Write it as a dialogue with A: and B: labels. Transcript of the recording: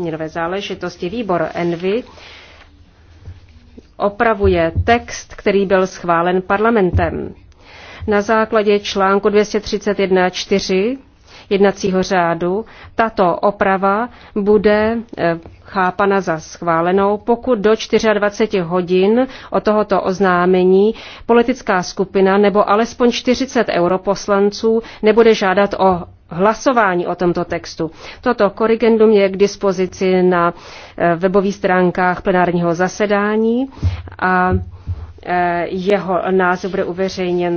A: měnové záležitosti. Výbor Envy opravuje text, který byl schválen parlamentem. Na základě článku 231.4 jednacího řádu tato oprava bude eh, chápana za schválenou, pokud do 24 hodin od tohoto oznámení politická skupina nebo alespoň 40 europoslanců nebude žádat o hlasování o tomto textu. Toto korrigendum je k dispozici na eh, webových stránkách plenárního zasedání a eh, jeho název bude uveřejněn